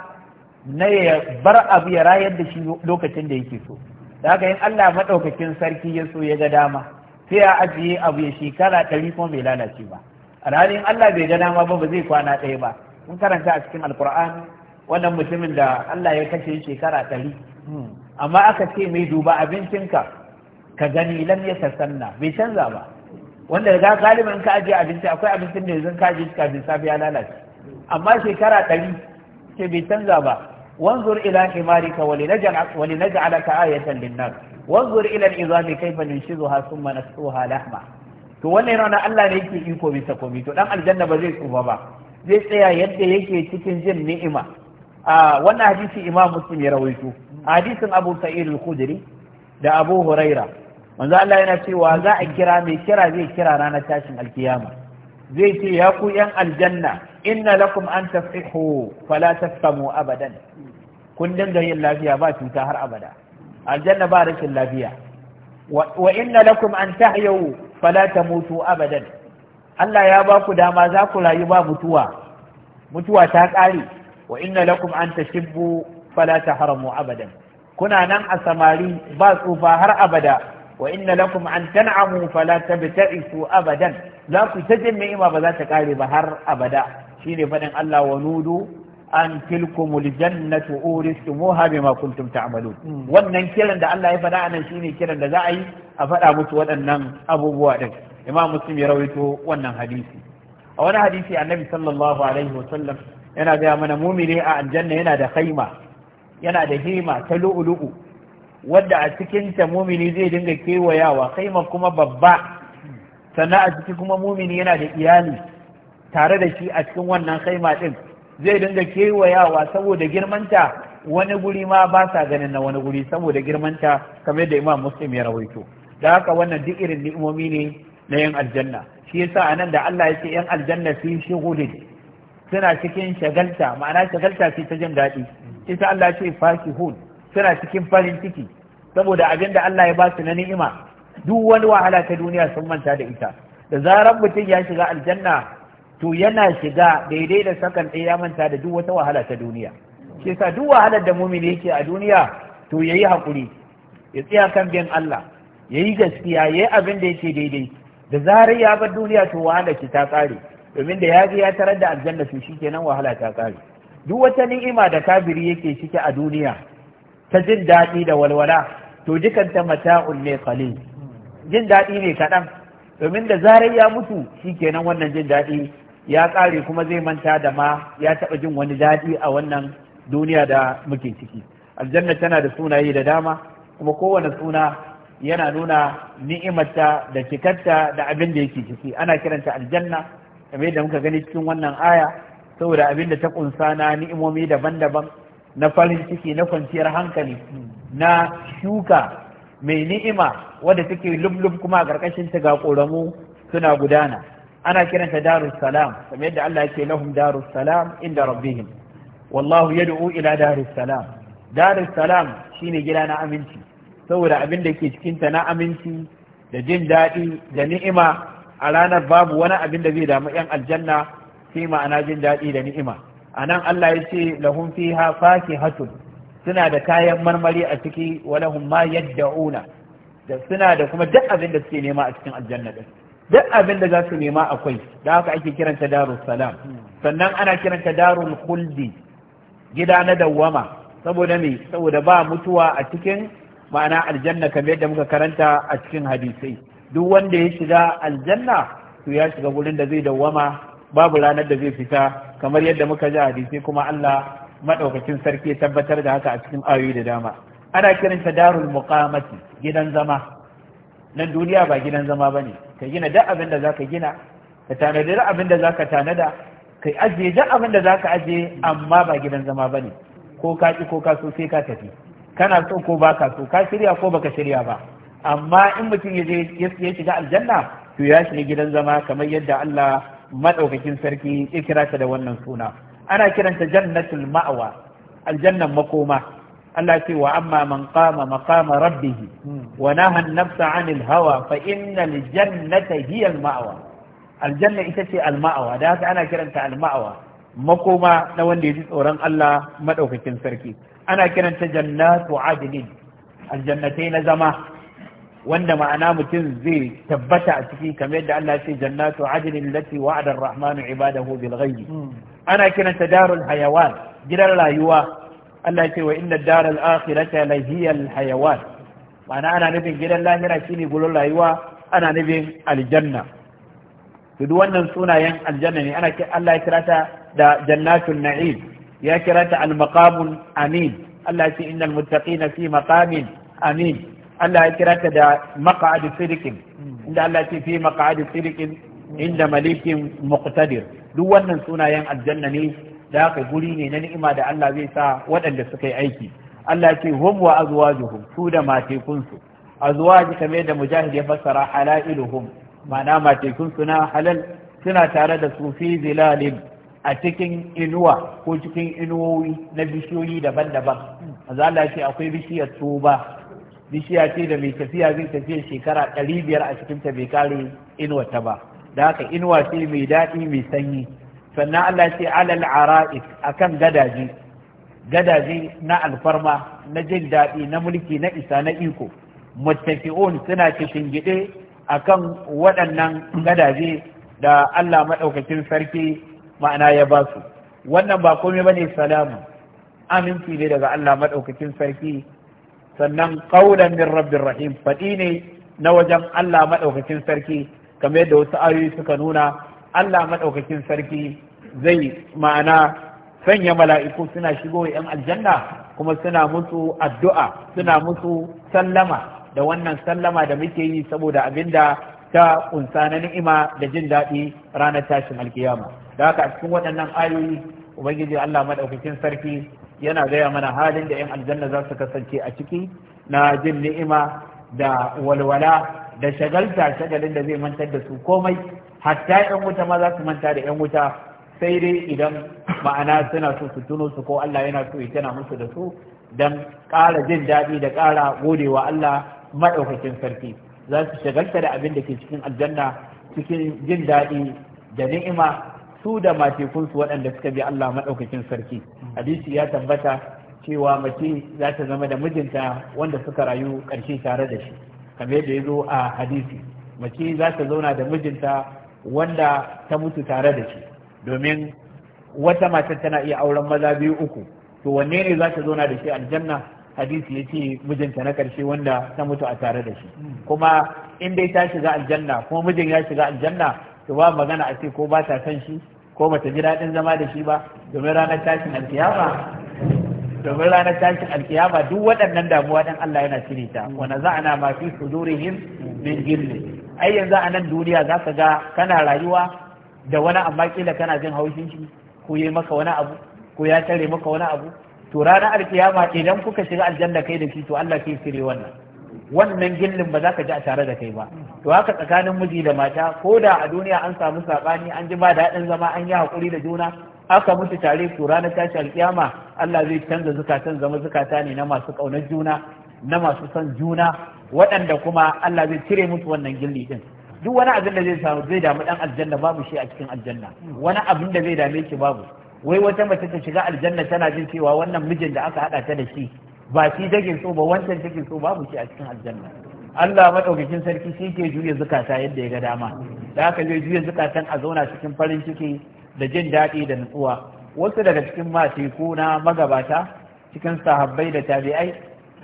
na ya bar abu ya rayar da shi lokacin da yake so da haka in Allah madaukakin sarki ya so ya ga dama sai ya ajiye abu ya shekara ɗari kuma bai lalace ba alhalin Allah bai ga dama ba ba zai kwana ɗaya ba mun karanta a cikin alkur'ani wannan mutumin da Allah ya kashe shekara ɗari amma aka ce mai duba abincinka ka gani lam ya tasanna bai canza ba wanda ga galiban ka ajiye abinci akwai abincin da yanzu ka ajiye shi kafin safiya lalace amma shekara ɗari ce bai canza ba wanzur ila himarika wali naj'alaka ayatan lin-nas wanzur ila al-izami kayfa nunshizuha thumma nasuha lahma to wannan yana Allah ne yake iko bisa komai to dan aljanna ba zai tsufa ba zai tsaya yadda yake cikin jin ni'ima a wannan hadisi imam muslim ya rawaito hadisin abu sa'id al-khudri da abu huraira manzo Allah yana cewa za a kira mai kira zai kira ranar tashin alkiyama zai ce ya ku yan aljanna inna lakum an tasihu fala tasamu abadan kun dinga yin lafiya ba cuta har abada aljanna ba rashin lafiya wa inna lakum an tahyawu fala mutu abadan Allah ya ba ku dama za ku rayu ba mutuwa mutuwa ta ƙare wa inna lakum an tashibbu fala haramu abadan kuna nan a samari ba tsufa har abada wa inna lakum an tan'amu fala tabta'isu abadan za ku ta jin ni'ima ba za ta ƙare ba har abada shine fadin Allah wa nudu an tilkumul jannatu uristumuha bima kuntum ta'malun wannan kiran da Allah ya faɗa anan shine kiran da za a yi a faɗa musu waɗannan abubuwa din imam muslim ya rawaito wannan hadisi a wani hadisi annabi sallallahu alaihi wa sallam yana gaya mana mumini a aljanna yana da khaima yana da hima ta lu'ulu'u wadda a cikin ta mumini zai dinga kewayawa khaima kuma babba sannan a ciki kuma mumini yana da iyali tare da shi a cikin wannan khaima din zai dinga kewayawa saboda girmanta wani guri ma ba sa ganin na wani guri saboda girmanta kamar da imam muslim ya rawaito da haka wannan duk irin ni'imomi ne na yan aljanna shi yasa anan da Allah ya ce yan aljanna fi shughulin suna cikin shagalta ma'ana shagalta ce ta jin daɗi isa Allah ce fakihun suna cikin farin ciki saboda abin da Allah ya ba su na ni'ima duk wani wahala ta duniya sun manta da ita da zarar mutum ya shiga aljanna to yana shiga daidai da sakan ɗaya ya manta da duk wata wahala ta duniya shi yasa duk wahalar da mumini yake a duniya to yayi hakuri ya tsaya kan biyan Allah yayi gaskiya yayi abin da yake daidai da zarar ya bar duniya to wahala ki ta kare domin da ya ya tarar da aljanna to shikenan wahala ta kare duk wata ni'ima da kabiri yake ciki a duniya ta jin daɗi da walwala to ta mata'un ne qalil jin daɗi ne kaɗan domin da zarar ya mutu shikenan wannan jin daɗi ya ƙare kuma zai manta da ma ya taɓa jin wani daɗi a wannan duniya da muke ciki aljanna tana da sunaye da dama kuma kowane suna yana nuna ni'imarta da cikarta da abin da yake ciki ana kiranta aljanna kamar yadda muka gani cikin wannan aya saboda abin da ta kunsa na ni'imomi daban-daban na farin ciki na kwanciyar hankali na shuka mai ni'ima wadda take lublub kuma a ƙarƙashin ta ga ƙoramu suna gudana ana kiranta darus salam kamar yadda Allah yake lahum darus salam inda rabbihim wallahu yad'u ila darus salam darus salam shine gida na aminci saboda abin da ke cikin ta na aminci da jin daɗi da ni'ima a ranar babu wani abin da zai damu yan aljanna sai ma'ana jin daɗi da ni'ima a nan Allah ya ce lahum fiha fakihatun suna da kayan marmari a ciki wa lahum ma yad'una da suna da kuma duk abin da suke nema a cikin aljanna din duk abin da za su nema akwai da haka ake kiranta darul salam sannan ana kiranta darul khuldi gida na dawwama saboda me saboda ba mutuwa a cikin ma'ana aljanna kamar yadda muka karanta a cikin hadisai duk wanda ya shiga aljanna to ya shiga gurin da zai dawwama babu ranar da zai fita kamar yadda muka ji hadisai kuma Allah madaukakin sarki ya tabbatar da haka a cikin ayoyi da dama ana kiranta darul muqamati gidan zama nan duniya ba gidan zama bane ka gina duk abin da za ka gina ka tanadi duk abin da za ka tanada ka ajiye duk abin da za ka ajiye amma ba gidan zama ba ne ko ka ƙi ko ka so sai ka tafi kana so ko ba ka so ka shirya ko baka shirya ba amma in mutum ya je ya shiga aljanna to ya shiga gidan zama kamar yadda Allah madaukakin sarki ya kira ta da wannan suna ana kiranta jannatul ma'awa aljannan makoma Allah ce wa amma man qama maqama rabbih hmm. wa naha an-nafsa 'anil hawa fa innal jannata hiya al-ma'wa aljanna ita ce al-ma'wa da haka ana kiranta al-ma'wa makoma na wanda ya ji tsoron Allah madaukakin sarki ana kiranta jannatu adnin aljannatai na zama wanda ma'ana mutum zai tabbata a ciki kamar yadda Allah ce jannatu adnin lati wa'ada ar-rahmanu ibadahu bil ghaibi hmm. ana kiranta darul hayawan gidan rayuwa Allah ya ce wa inna daral akhirata la hiya hayawan ma'ana ana nufin gidan lahira shine gurin rayuwa ana nufin aljanna to duk wannan sunayen aljanna ne ana Allah ya kirata da jannatul na'im ya kirata al amin Allah ya ce innal muttaqina fi maqamin amin Allah ya kirata da maq'adu sidiqin inda Allah ya ce fi maq'adu sidiqin inda malikin muqtadir duk wannan sunayen aljanna ne da aka guri ne na ni'ima da Allah zai sa waɗanda suka yi aiki Allah ce hum wa azwajuhum su da matekunsu azwaji kame da mujahid ya fassara halailuhum ma'ana matekunsu na halal suna tare da su fi zilalin a cikin inuwa ko cikin inuwoyi na bishiyoyi daban-daban azza Allah ce akwai bishiyar tuba bishiya ce da mai tafiya zai tafiya shekara ɗari biyar a cikin ta bai kare inuwa ta ba da haka inuwa ce mai daɗi mai sanyi sannan Allah ce alal ara'ik akan gadaje gadaje na alfarma na jin daɗi na mulki na isa na iko muttaki'un suna cikin gide akan waɗannan gadaje da Allah maɗaukakin sarki ma'ana ya ba su wannan ba komai bane salamu aminci ne daga Allah maɗaukakin sarki sannan qaulan min rabbir rahim faɗi ne na wajen Allah maɗaukakin sarki kamar yadda wasu ayoyi suka nuna Allah maɗaukakin sarki zai ma'ana sanya mala'iku suna shigo ‘yan aljanna kuma suna musu addu'a suna musu sallama da wannan sallama da muke yi saboda abinda ta kunsa na ni'ima da jin daɗi ranar tashin alkiyama da haka a cikin waɗannan ayoyi ubangiji Allah maɗaukakin sarki yana gaya mana halin da 'yan aljanna za su kasance a ciki na jin ni'ima da walwala da shagalta shagalin da zai mantar da su komai hatta yan wuta ma za su manta da yan wuta sai dai idan ma'ana suna so su tuno su ko Allah yana so ya tana musu da su dan ƙara jin daɗi da ƙara godewa Allah maɗaukakin sarki za su shagalta da abin da ke cikin aljanna cikin jin daɗi da ni'ima su da matekunsu waɗanda suka bi Allah maɗaukakin sarki hadisi ya tabbata cewa mace za ta zama da mijinta wanda suka rayu ƙarshe tare da shi kamar yadda ya zo a hadisi mace za ta zauna da mijinta wanda ta mutu tare da shi domin wata matar tana iya auren maza biyu uku to wanne ne za ta zauna da shi aljanna hadisi ya ce mijinta na ƙarshe wanda ta mutu a tare da shi kuma in dai ta shiga aljanna kuma mijin ya shiga aljanna to ba magana a ce ko ba ta san shi ko ba ta ji daɗin zama da shi ba domin ranar tashin alkiyama domin ranar tashin alkiyama duk waɗannan damuwa dan Allah yana cire ta wa naza'na ma fi sudurihim min ghilli ai yanzu a nan duniya za ka ga kana rayuwa da wani amma kila kana jin haushin shi ko yi maka wani abu ko ya tare maka wani abu to ranar alkiyama idan kuka shiga aljanna kai da shi to Allah ke sire wannan wannan gillin ba za ka ji a tare da kai ba to haka tsakanin miji da mata ko da a duniya an samu sabani an ji ba daɗin zama an yi haƙuri da juna aka mutu tare to ranar tashi alkiyama Allah zai canza zukatan zama zukata ne na masu ƙaunar juna na masu son juna waɗanda kuma Allah zai cire musu wannan gilli din duk wani abin da zai samu zai damu dan aljanna babu shi a cikin aljanna wani abin da zai dame shi babu wai wata mace ta shiga aljanna tana jin cewa wannan mijin da aka haɗa ta da shi ba shi take so ba wancan take so babu shi a cikin aljanna Allah madaukakin sarki shi ke juya zukata yadda ya ga dama da haka je juya zukatan a zauna cikin farin ciki da jin daɗi da nutsuwa wasu daga cikin matiku na magabata cikin sahabbai da tabi'ai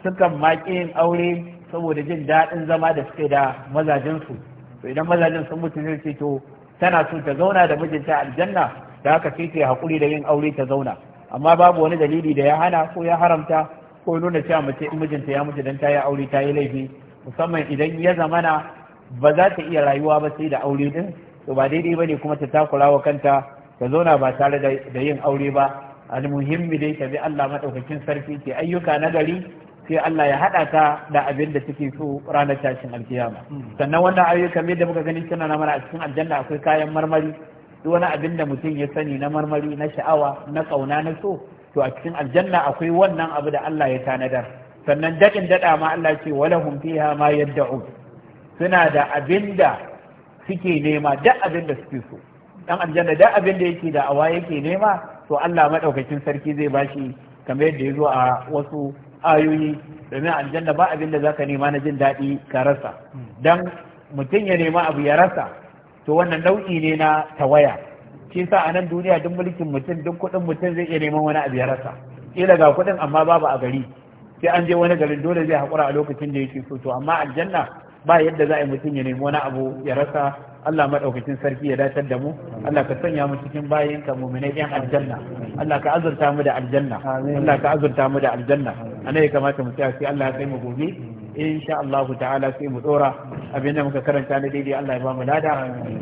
sukan maƙi yin aure saboda jin daɗin zama da suke da mazajensu to idan mazajen sun mutu zai ce to tana so ta zauna da mijinta aljanna da haka sai ta haƙuri da yin aure ta zauna amma babu wani dalili da ya hana ko ya haramta ko nuna cewa mace in mijinta ya mutu dan ta yi aure ta yi laifi musamman idan ya zamana ba za ta iya rayuwa ba sai da aure din to ba daidai bane kuma ta takura wa kanta ta zauna ba tare da yin aure ba almuhimmi dai ta bi Allah madaukakin sarki ke ayyuka na gari sai Allah ya haɗa ta da abin da suke so ranar tashin alkiyama sannan wannan ayyukan kamar da muka gani suna na mana a cikin aljanna akwai kayan marmari duk wani abin da mutum ya sani na marmari na sha'awa na ƙauna na so to a cikin aljanna akwai wannan abu da Allah ya tanadar sannan daɗin daɗa ma Allah ce wala hum fiha ma yad'u suna da abin da suke nema duk abin da suke so dan aljanna duk abin da yake da awa yake nema to Allah madaukakin sarki zai bashi kamar yadda ya zo a wasu ayoyi domin aljanna ba abin da zaka nema na jin daɗi ka rasa dan mutum ya nema abu ya rasa to wannan nau'i ne na tawaya shi sa a nan duniya duk mulkin mutum duk kuɗin mutum zai iya neman wani abu ya rasa kila ga kuɗin amma babu a gari sai an je wani garin dole zai haƙura a lokacin da yake so to amma aljanna ba yadda za a yi mutum ya nemi wani abu ya rasa Allah maɗaukacin sarki ya datar da mu Allah ka sanya mu cikin bayin ka mu'minai yan aljanna Allah ka azurta mu da aljanna Allah ka azurta mu da aljanna anan ya kamata mu tsaya sai Allah ya kai mu gobe insha Allah ta'ala sai mu dora abin da muka karanta na daidai Allah ya ba mu lada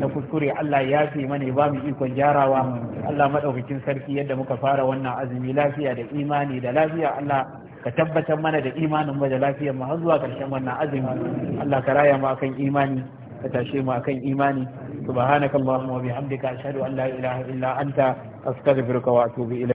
na kuskure Allah ya fi mana ya ba mu ikon gyarawa Allah madaukakin sarki yadda muka fara wannan azumi lafiya da imani da lafiya Allah ka tabbatar mana da imanin mu da lafiyar mu har zuwa karshen wannan azumi Allah ka raya mu akan imani ka tashe mu akan imani subhanakallahumma wa bihamdika ashhadu an la ilaha illa anta astaghfiruka wa atubu ilayk